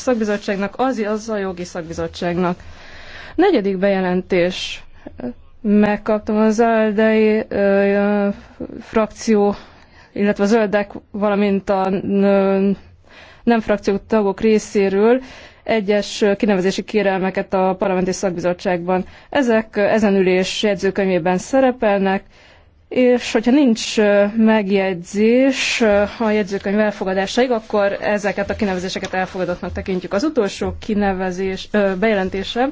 szakbizottságnak, az, az a jogi szakbizottságnak. Negyedik bejelentés. Megkaptam az ö, frakció, illetve a zöldek, valamint a ö, nem frakció tagok részéről egyes kinevezési kérelmeket a parlamenti szakbizottságban. Ezek ezen ülés jegyzőkönyvében szerepelnek, és hogyha nincs megjegyzés a jegyzőkönyv elfogadásaig, akkor ezeket a kinevezéseket elfogadottnak tekintjük. Az utolsó kinevezés bejelentése